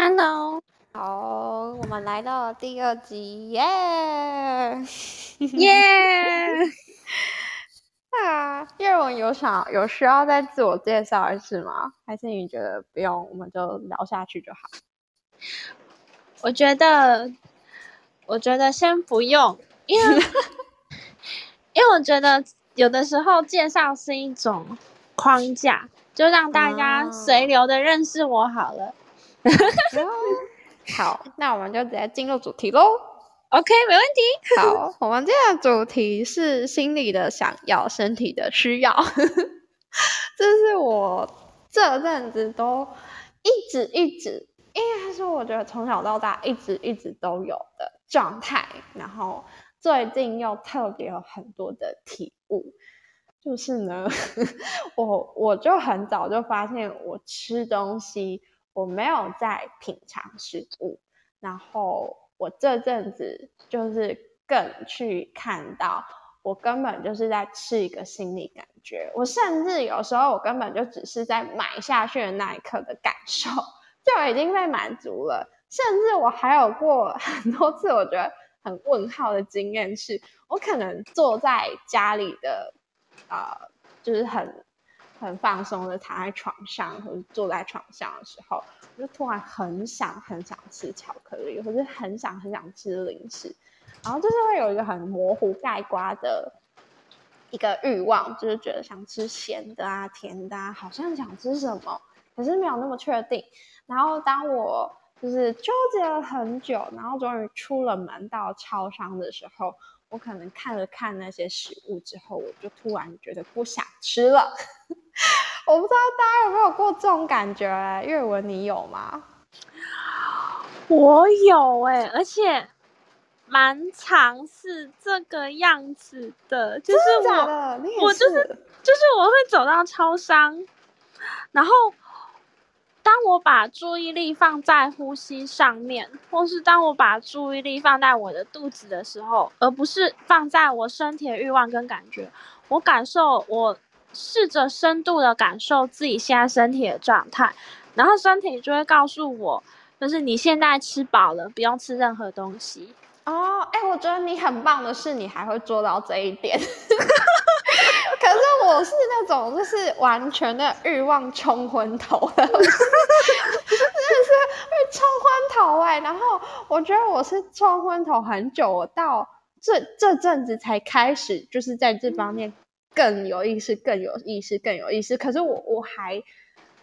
哈嘍，Hello 好，我們來到了第二集，耶，耶，啊，悅文有想有需要再自我介紹一次嗎？還是你覺得不用，我們就聊下去就好？我覺得，我覺得先不用，因為， 因為我覺得有的時候介紹是一種框架，就讓大家隨流的認識我好了。Oh. oh. 好，那我們就直接進入主題嘍。OK，沒問題。好，我們今天的主題是心裡的想要，身體的需要。 這是我這陣子都一直一直，因為還是，我覺得從小到大一直一直都有的狀態。然後最近又特別有很多的體悟，就是呢，我我就很早就發現，我吃東西。我沒有在品嘗食物，然後我這陣子就是更去看到，我根本就是在吃一個心理感覺。我甚至有時候，我根本就只是在買下去的那一刻的感受就已經被滿足了。甚至我還有過很多次我覺得很問號的經驗，是我可能坐在家裡的啊、呃，就是很。很放鬆的躺在床上或者坐在床上的時候，我就突然很想很想吃巧克力，或者很想很想吃零食，然後就是會有一個很模糊概括的一個慾望，就是覺得想吃鹹的啊、甜的啊，好像想吃什麼，可是沒有那麼確定。然後當我就是糾結了很久，然後終於出了門到超商的時候，我可能看了看那些食物之後，我就突然覺得不想吃了。 我不知道大家有沒有過這種感覺、欸，哎，月文你有嗎？我有哎、欸，而且蠻嘗試這個樣子的，的的就是我，是我就是就是我會走到超商，然後當我把注意力放在呼吸上面，或是當我把注意力放在我的肚子的時候，而不是放在我身體的欲望跟感覺，我感受我。試着深度的感受自己現在身體的狀態，然後身體就會告訴我，就是你現在吃飽了，不用吃任何東西。哦，誒、欸，我覺得你很棒的是，你還會做到這一點。 可是我是那種就是完全的欲望沖昏頭的，真的 是，是，是沖昏頭哎、欸。然後我覺得我是沖昏頭很久，到這這陣子才開始，就是在這方面，嗯。更有意思，更有意思，更有意思。可是我我還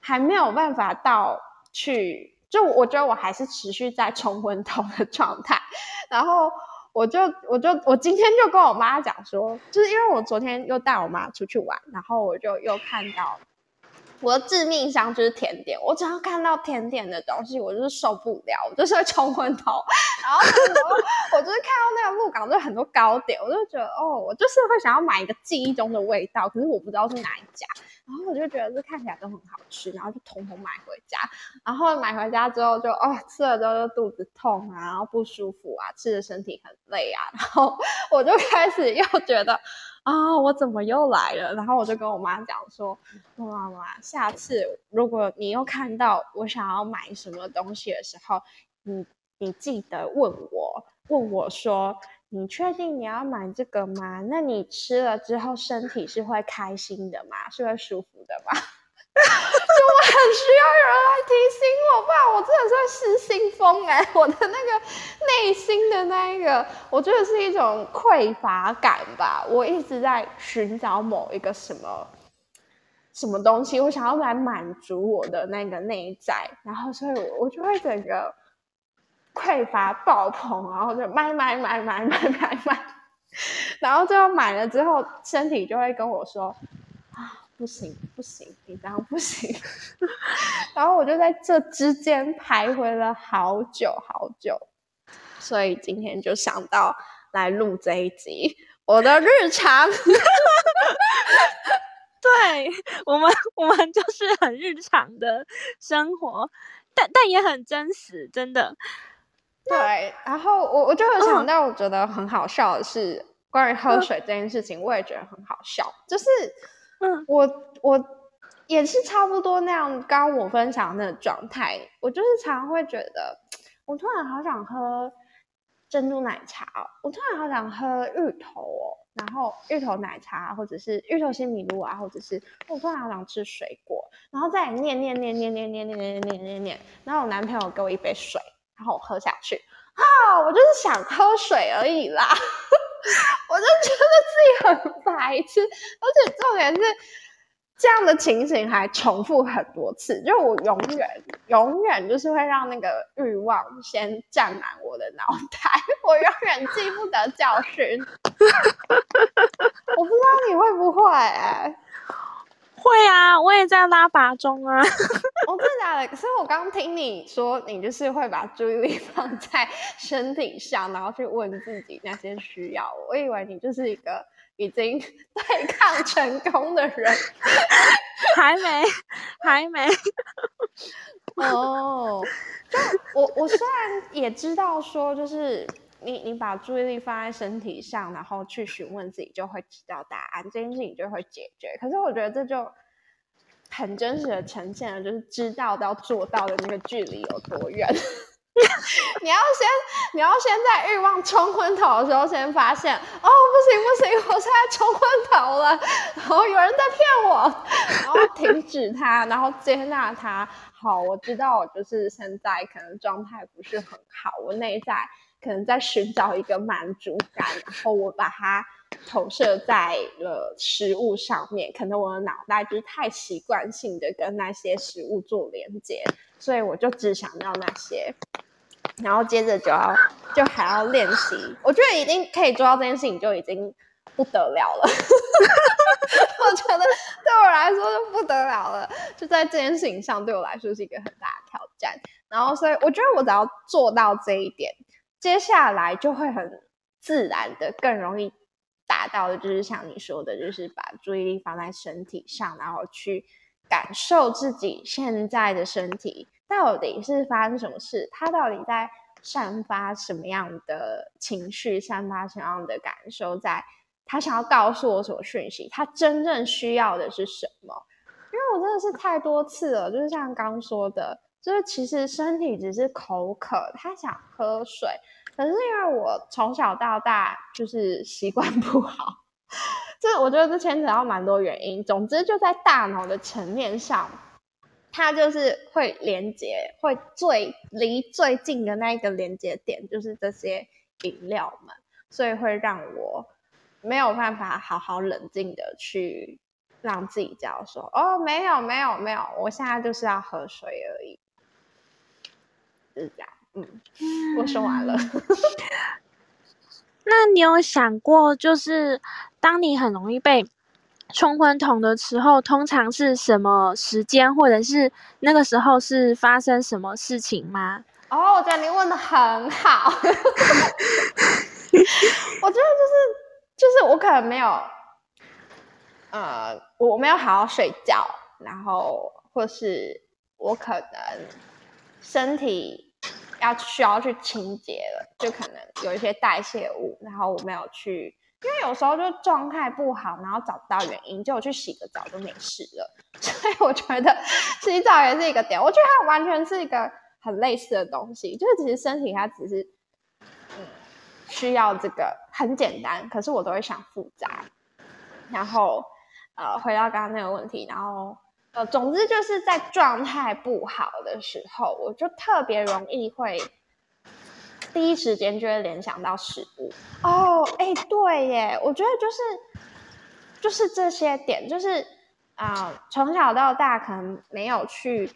還沒有辦法到去，就我覺得我還是持續在沖昏頭的狀態。然後我就我就我今天就跟我媽講說，就是因為我昨天又帶我媽出去玩，然後我就又看到。我的致命傷就是甜點，我只要看到甜點的東西，我就是受不了，我就是會衝昏頭。然後 我就是看到那個鹿港，就很多糕點，我就覺得哦，我就是會想要買一個記憶中的味道，可是我不知道是哪一家。然後我就覺得這看起來都很好吃，然後就統統買回家。然後買回家之後就哦，吃了之後就肚子痛啊，然後不舒服啊，吃的身體很累啊。然後我就開始又覺得。啊，我怎麼又來了？然後我就跟我媽講說：“媽媽，下次如果你又看到我想要買什麼東西的時候，你你記得問我，問我說，你確定你要買這個嗎？那你吃了之後，身體是會開心的嗎？是會舒服的嗎？”我很需要有人來提醒我吧，我真的算失心瘋欸！我的那個內心的那一個，我覺得是一種匱乏感吧。我一直在尋找某一個什麼什麼東西，我想要來滿足我的那個內在，然後所以，我就會整個匱乏爆棚，然後就買買買買買買買，然後最後買了之後，身體就會跟我說啊。不行，不行，你這樣不行。 然後我就在這之間徘徊了好久好久，所以今天就想到來錄這一集，我的日常。 對，我們，我們就是很日常的生活，但但也很真實，真的。對，然後我我就有想到，我覺得很好笑的是，關於喝水這件事情，我也覺得很好笑，就是。嗯，我我也是差不多那樣，剛我分享的狀態，我就是常會覺得，我突然好想喝珍珠奶茶，我突然好想喝芋頭哦，然後芋頭奶茶或者是芋頭西米露啊，或者是我突然好想吃水果，然後再念念念念念念念念念念念，然後我男朋友給我一杯水，然後我喝下去。啊，我就是想喝水而已啦， 我就覺得自己很白痴，而且重點是這樣的情形還重複很多次，就我永遠、永遠就是會讓那個欲望先占滿我的腦袋，我永遠記不得教訓。哈哈哈，我不知道你會不會、欸？哎，會啊，我也在拉拔中啊。 我、哦、真的，假的？可是我剛聽你說，你就是會把注意力放在身體上，然後去問自己那些需要。我以為你就是一個已經對抗成功的人，還沒，還沒。哦， oh, 就我我雖然也知道說，就是你你把注意力放在身體上，然後去詢問自己，就會知道答案，這件事情就會解決。可是我覺得這就。很真實的呈現了，就是知道到做到的那個距離有多遠。 你要先，你要先在慾望沖昏頭的時候，先發現哦，不行不行，我現在沖昏頭了，然後有人在騙我，然後停止它，然後接納它。好，我知道，我就是現在可能狀態不是很好，我內在可能在尋找一個滿足感，然後我把它投射在了食物上面，可能我的腦袋就是太習慣性的跟那些食物做連接，所以我就只想要那些，然後接着就要就還要練習。我覺得已經可以做到這件事情，就已經不得了了。 我覺得對我來說就不得了了，就在這件事情上，對我來說是一個很大的挑戰。然後所以我覺得我只要做到這一點，接下來就會很自然的更容易。到的就是像你說的，就是把注意力放在身體上，然後去感受自己現在的身體到底是發生什麼事，他到底在散發什麼樣的情緒，散發什麼樣的感受，在他想要告訴我什麼訊息，他真正需要的是什麼？因為我真的是太多次了，就是像剛剛說的，就是其實身體只是口渴，他想喝水。可是因為我從小到大就是習慣不好，這我覺得這牽扯到蠻多原因。總之就在大腦的層面上，它就是會連接，會最離最近的那一個連接點就是這些飲料們，所以會讓我沒有辦法好好冷靜的去讓自己這樣說。哦，沒有沒有沒有，我現在就是要喝水而已，就是這樣。嗯，我說完了。 那你有想過，就是當你很容易被沖昏頭的時候，通常是什麼時間，或者是那個時候是發生什麼事情嗎？哦，我覺得你問的很好。我覺得就是，就是我可能沒有，呃，我沒有好好睡覺，然後，或是我可能身體。要需要去清潔了，就可能有一些代謝物，然後我沒有去，因為有時候就狀態不好，然後找不到原因，就我去洗個澡就沒事了。所以我覺得洗澡也是一個點，我覺得它完全是一個很類似的東西，就是其實身體它只是，嗯，需要這個很簡單，可是我都會想複雜。然後，呃，回到剛剛那個問題，然後。呃，總之就是在狀態不好的時候，我就特別容易會第一時間就會聯想到食物哦。哎、欸，對耶，我覺得就是就是這些點，就是啊、呃，從小到大可能沒有去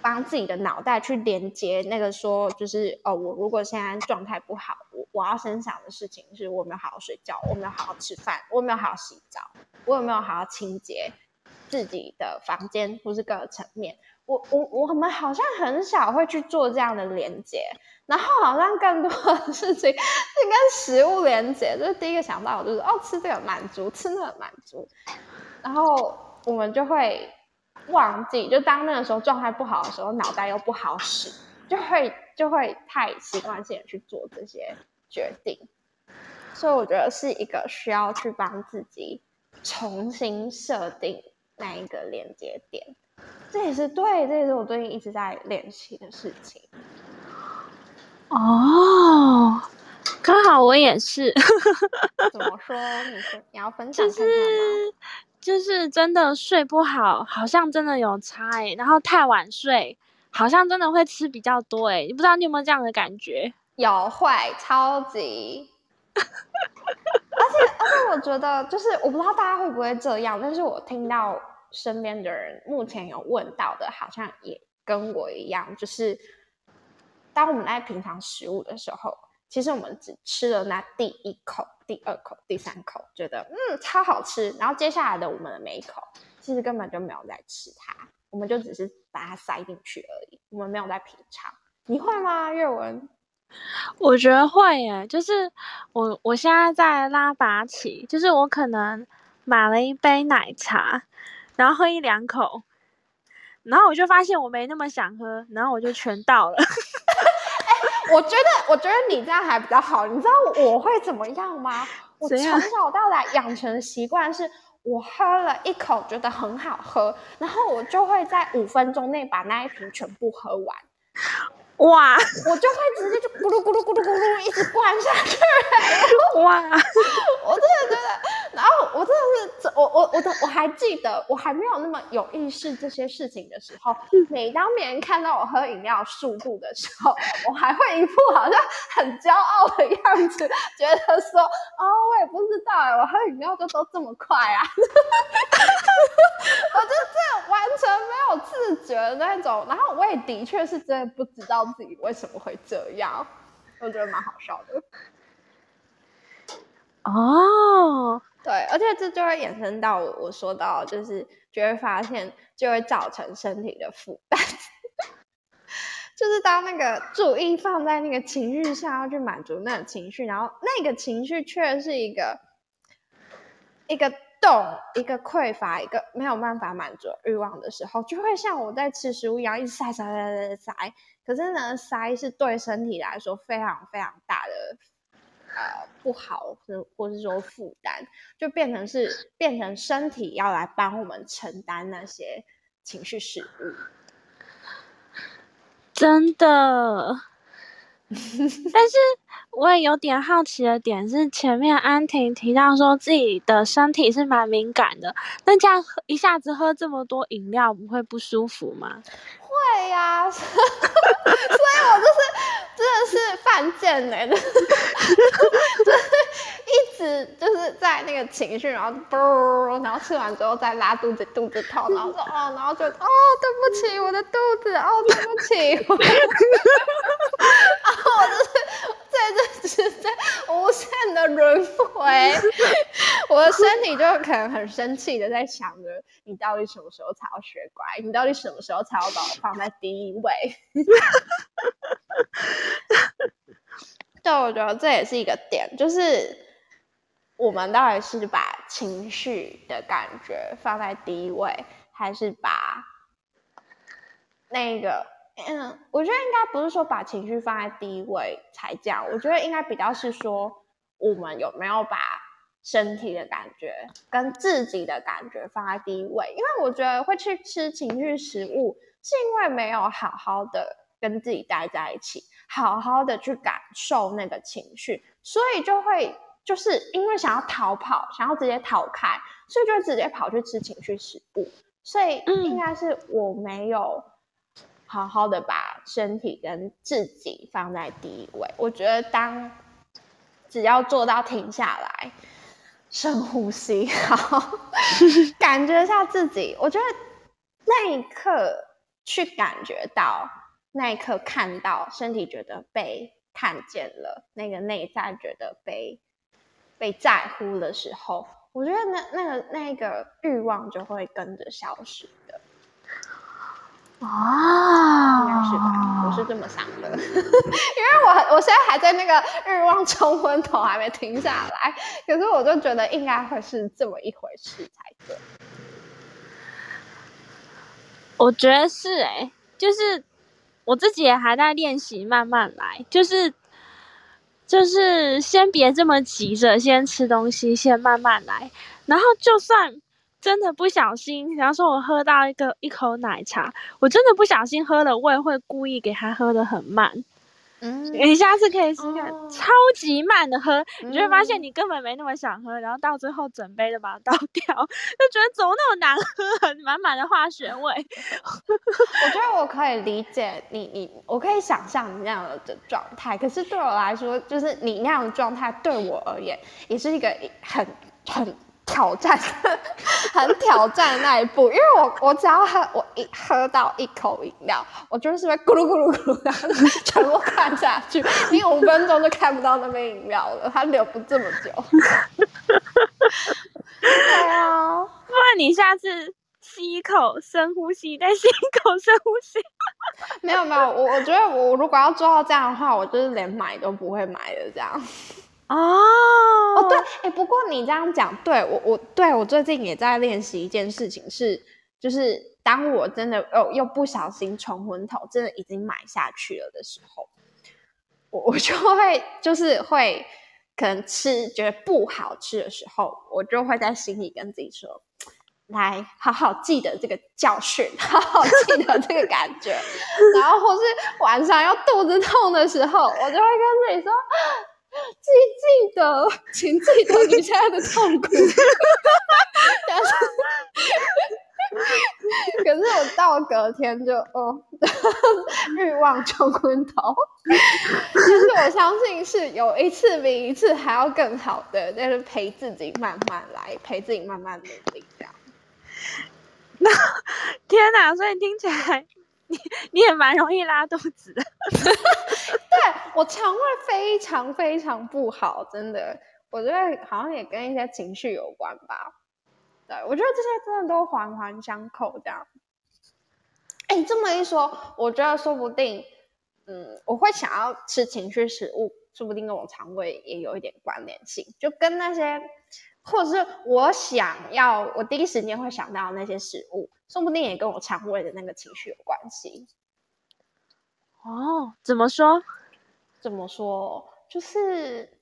幫自己的腦袋去連接那個說，就是哦，我如果現在狀態不好，我我要先想的事情是我有沒有好好睡覺，我沒有好好吃飯，我有沒有好好洗澡，我有沒有好好清潔？自己的房間，或是各個層面，我我我們好像很少會去做這樣的連接，然後好像更多的事情是跟食物連接，就是第一個想法就是哦，吃這個滿足，吃那個滿足，然後我們就會忘記，就當那個時候狀態不好的時候，腦袋又不好使，就會就會太習慣性的去做這些決定，所以我覺得是一個需要去幫自己重新設定。那一個連接點，這也是對，這也是我最近一直在練習的事情。哦，oh, 剛好我也是。 怎麼說？你說你要分享看看？就是就是真的睡不好，好像真的有差哎、欸。然後太晚睡，好像真的會吃比較多哎、欸。你不知道你有沒有這樣的感覺？有，會，超級。 而且而且、okay, 我覺得，就是我不知道大家會不會這樣，但是我聽到。身邊的人目前有問到的，好像也跟我一樣，就是當我們在品嘗食物的時候，其實我們只吃了那第一口、第二口、第三口，覺得嗯，超好吃。然後接下來的我們的每一口，其實根本就沒有在吃它，我們就只是把它塞進去而已。我們沒有在品嘗。你會嗎，悅文？我覺得會耶，就是我我現在在拉拔起，就是我可能買了一杯奶茶。然後喝一兩口，然後我就發現我沒那麼想喝，然後我就全倒了。哎、 欸，我覺得，我覺得你這樣還比較好。 你知道我會怎麼樣嗎？我從小到大養成的習慣是，我喝了一口覺得很好喝，然後我就會在五分鐘內把那一瓶全部喝完。哇，我就會直接就咕嚕咕嚕咕嚕咕嚕一直灌下去。哇，我真的覺得，然後我真的是，我我我都我還記得，我還沒有那麼有意識這些事情的時候，嗯、每當別人看到我喝飲料速度的時候，我還會一副好像很驕傲的樣子，覺得說，哦，我也不知道哎、欸，我喝飲料就都這麼快啊。嗯、 我就是完全沒有自覺的那種，然後我也的確是真的不知道。自己為什麼會這樣？我覺得蠻好笑的。哦，oh. 對，而且這就會延伸到我，我說到，就是就會發現，就會造成身體的負擔。 就是當那個注意放在那個情緒下要去滿足那個情緒，然後那個情緒確實是一個一個。懂，一個匱乏，一個沒有辦法滿足慾望的時候，就會像我在吃食物一樣，一直塞塞塞塞塞。可是呢，塞是對身體來說非常非常大的，呃，不好，是或是說負擔，就變成是變成身體要來幫我們承擔那些情緒食物。真的， 但是。我也有點好奇的點是，前面安婷提到說自己的身體是蠻敏感的，那這樣喝一下子喝這麼多飲料，不會不舒服嗎？會呀，所以我就是 真的是犯賤嘞，欸，就是、 就是、一直就是在那個情緒，然後嘣，然後吃完之後再拉肚子，肚子痛，然後說哦，然後就哦，對不起， 我的肚子，哦，對不起，啊，我就是。 這只這無限的輪回。我的身體就可能很生氣的在想着，你到底什麼時候才要學乖？你到底什麼時候才要把我放在第一位？ 對，我覺得這也是一個點，就是我們到底是把情緒的感覺放在第一位，還是把那個？嗯，我覺得應該不是說把情緒放在第一位才這樣，我覺得應該比較是說我們有沒有把身體的感覺跟自己的感覺放在第一位。因為我覺得會去吃情緒食物，是因為沒有好好的跟自己待在一起，好好的去感受那個情緒，所以就會就是因為想要逃跑，想要直接逃開，所以就直接跑去吃情緒食物。所以應該是我沒有、嗯。好好的把身體跟自己放在第一位，我覺得當只要做到停下來，深呼吸，好， 感覺一下自己，我覺得那一刻去感覺到，那一刻看到身體覺得被看見了，那個內在覺得被被在乎的時候，我覺得那那個那個慾望就會跟着消失。哇，應該是吧，我是這麼想的， 因為我我現在還在那個慾望沖昏頭，還沒停下來。可是我就覺得應該會是這麼一回事才對。我覺得是哎、欸，就是我自己也還在練習慢慢來，就是就是先別這麼急着，先吃東西，先慢慢來，然後就算。真的不小心，比方說，我喝到一個一口奶茶，我真的不小心喝了。我也會故意給他喝的很慢，嗯，你下次可以試看、哦、超級慢的喝，你就會發現你根本沒那麼想喝，嗯、然後到最後整杯都把它倒掉，就覺得怎麼那麼難喝，滿滿的化學味。我覺得我可以理解你，你我可以想象你那樣的狀態，可是對我來說，就是你那樣的狀態對我而言也是一個很很。挑戰，很挑戰那一步，因為我我只要喝，我一喝到一口飲料，我就是會咕嚕咕嚕咕嚕然後全部灌下去，你五分鐘就看不到那杯飲料了，它留不這麼久。對啊，不然你下次吸一口深呼吸，再吸一口深呼吸。 沒有沒有，我我覺得我如果要做到這樣的話，我就是連買都不會買的這樣。Oh, 哦對，哎，不過你這樣講，對我我對我最近也在練習一件事情是，是就是當我真的、哦、又不小心沖昏頭，真的已經買下去了的時候，我我就會就是會可能吃覺得不好吃的時候，我就會在心裡跟自己說，來好好記得這個教訓，好好記得這個感覺， 然後或是晚上要肚子痛的時候，我就會跟自己說。請記得，請記得你現在的痛苦 但是，可是我到隔天就，哦， 慾望沖昏頭。可是我相信是有一次比一次還要更好的，但，就是陪自己慢慢來，陪自己慢慢努力這樣。天哪，所以聽起來。你你也蠻容易拉肚子的， 對，我腸胃非常非常不好，真的，我覺得好像也跟一些情緒有關吧。對，我覺得這些真的都環環相扣，這樣。哎、欸，你這麼一說，我覺得說不定，嗯，我會想要吃情緒食物，說不定跟我腸胃也有一點關聯性，就跟那些。或者是我想要，我第一時間會想到那些食物，說不定也跟我腸胃的那個情緒有關係。哦，怎麼說？怎麼說？就是，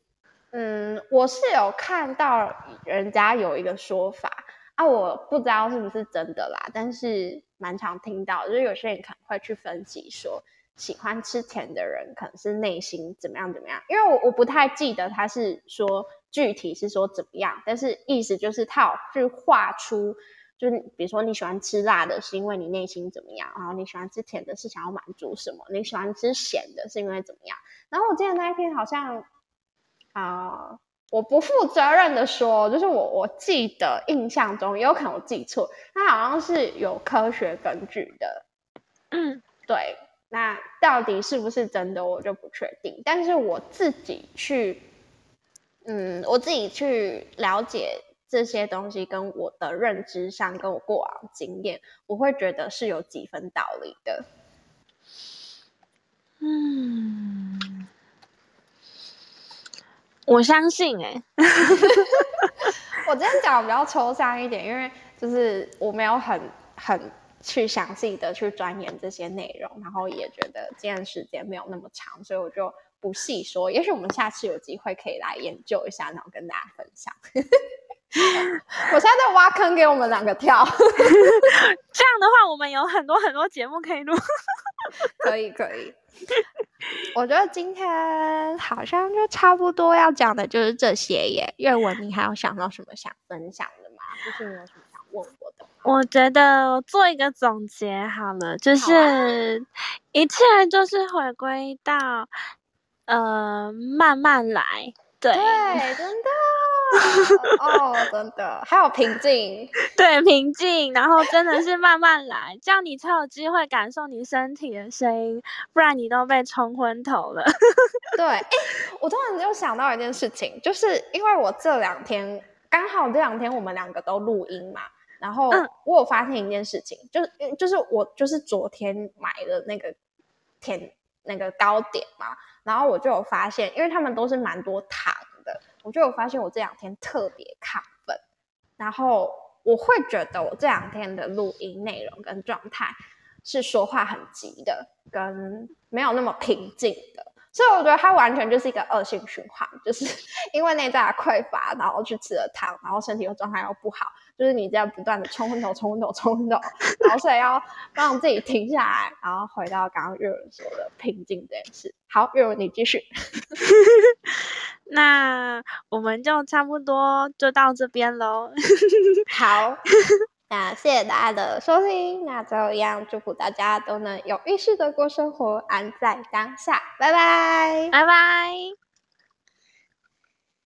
嗯，我是有看到人家有一個說法啊，我不知道是不是真的啦，但是蠻常聽到，就是有些人可能會去分析說，喜歡吃甜的人可能是內心怎麼樣怎麼樣，因為我我不太記得他是說。具體是說怎麼樣，但是意思就是他有去畫出，就是比如說你喜歡吃辣的是因為你內心怎麼樣，然後你喜歡吃甜的是想要滿足什麼，你喜歡吃鹹的是因為怎麼樣。然後我記得那一天好像，啊、呃，我不負責任的說，就是我我記得印象中也有可能我記錯，它好像是有科學根據的，嗯，對，那到底是不是真的我就不確定，但是我自己去。嗯，我自己去了解這些東西，跟我的認知上，跟我過往經驗，我會覺得是有幾分道理的。嗯，我相信、欸，哎 我今天講得比較抽象一點，因為就是我沒有很很去詳細的去鑽研這些內容，然後也覺得今天時間沒有那麼長，所以我就。不細說，也許我們下次有機會可以來研究一下，然後跟大家分享。 我現在在挖坑給我們兩個跳， 這樣的話我們有很多很多節目可以錄。 可以可以，我覺得今天好像就差不多要講的就是這些耶。悅文，你還有想到什麼想分享的嗎？就是你有什麼想問我的？我覺得做一個總結好了，就是玩一切就是回歸到。呃，慢慢來，對對，真的 哦，真的，還有平靜， 對，平靜，然後真的是慢慢來， 這樣你才有機會感受你身體的聲音，不然你都被衝昏頭了。 對、欸，我突然又想到一件事情，就是因為我這兩天剛好這兩天我們兩個都錄音嘛，然後我有發現一件事情，嗯、就是就是我就是昨天買的那個甜那個糕點嘛。然後我就有發現，因為他們都是蠻多糖的，我就有發現我這兩天特別亢奮，然後我會覺得我這兩天的錄音內容跟狀態是說話很急的，跟沒有那麼平靜的。所以我覺得它完全就是一個惡性循環，就是因為內在的匱乏，然後去吃了糖，然後身體又狀態又不好，就是你這樣不斷的沖昏頭沖昏頭沖昏頭，然後所以要讓自己停下來， 然後回到剛剛悅文說的平靜這件事。好，悅文你繼續。 那我們就差不多就到這邊嘍。 好。那謝謝大家的收聽，那最後一樣祝福大家都能有意識的過生活，安在當下，拜拜，拜拜。